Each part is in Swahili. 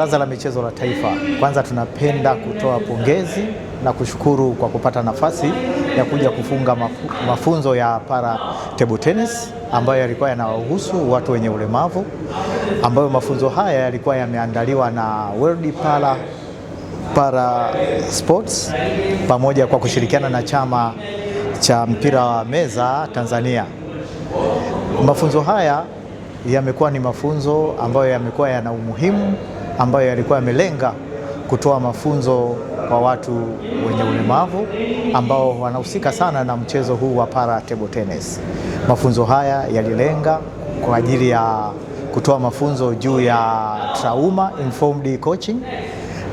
Baraza la Michezo la Taifa, kwanza tunapenda kutoa pongezi na kushukuru kwa kupata nafasi ya kuja kufunga mafunzo ya para table tennis ambayo yalikuwa yanawahusu watu wenye ulemavu, ambayo mafunzo haya yalikuwa yameandaliwa na World Para, Para Sports pamoja kwa kushirikiana na chama cha mpira wa meza Tanzania. Mafunzo haya yamekuwa ni mafunzo ambayo yamekuwa yana umuhimu ambayo yalikuwa yamelenga kutoa mafunzo kwa watu wenye ulemavu ambao wanahusika sana na mchezo huu wa para table tennis. Mafunzo haya yalilenga kwa ajili ya kutoa mafunzo juu ya trauma informed coaching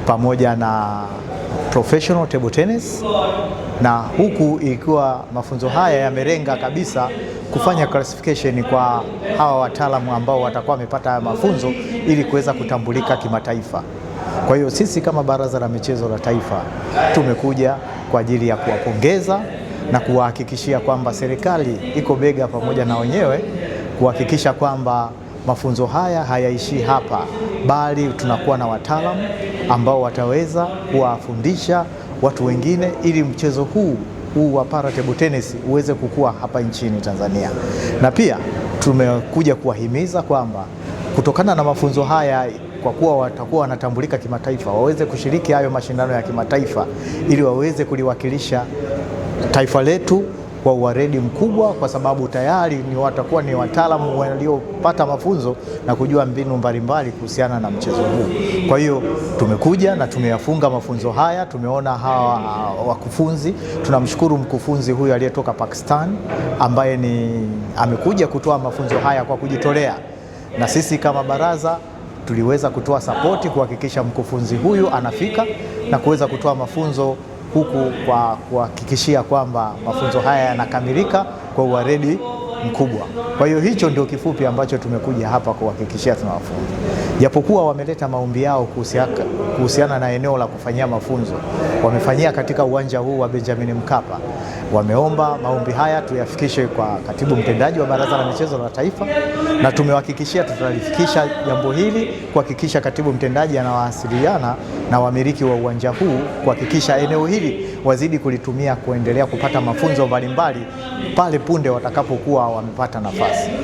pamoja na professional table tennis, na huku ikiwa mafunzo haya yamelenga kabisa kufanya classification kwa hawa wataalamu ambao watakuwa wamepata haya mafunzo ili kuweza kutambulika kimataifa. Kwa hiyo sisi kama Baraza la Michezo la Taifa tumekuja kwa ajili ya kuwapongeza na kuwahakikishia kwamba serikali iko bega pamoja na wenyewe kuhakikisha kwamba mafunzo haya hayaishii hapa, bali tunakuwa na wataalamu ambao wataweza kuwafundisha watu wengine ili mchezo huu huu wa para table tennis uweze kukua hapa nchini Tanzania. Na pia tumekuja kuwahimiza kwamba kutokana na mafunzo haya kwa kuwa watakuwa wanatambulika kimataifa, waweze kushiriki hayo mashindano ya kimataifa ili waweze kuliwakilisha taifa letu kwa uwaredi mkubwa, kwa sababu tayari ni watakuwa ni wataalamu waliopata mafunzo na kujua mbinu mbalimbali kuhusiana na mchezo huu. Kwa hiyo tumekuja na tumeyafunga mafunzo haya, tumeona hawa wakufunzi. Tunamshukuru mkufunzi huyu aliyetoka Pakistan ambaye ni amekuja kutoa mafunzo haya kwa kujitolea, na sisi kama baraza tuliweza kutoa sapoti kuhakikisha mkufunzi huyu anafika na kuweza kutoa mafunzo huku kwa kuhakikishia kwamba mafunzo haya yanakamilika kwa uwaredi mkubwa. Kwa hiyo hicho ndio kifupi ambacho tumekuja hapa kuhakikishia tunawafunza, japokuwa wameleta maombi yao kuhusiana na eneo la kufanyia mafunzo. Wamefanyia katika uwanja huu wa Benjamin Mkapa, wameomba maombi haya tuyafikishe kwa katibu mtendaji wa Baraza la Michezo la Taifa, na tumewahakikishia tutalifikisha jambo hili, kuhakikisha katibu mtendaji anawasiliana na wamiliki wa uwanja huu kuhakikisha eneo hili wazidi kulitumia kuendelea kupata mafunzo mbalimbali pale punde watakapokuwa wamepata nafasi.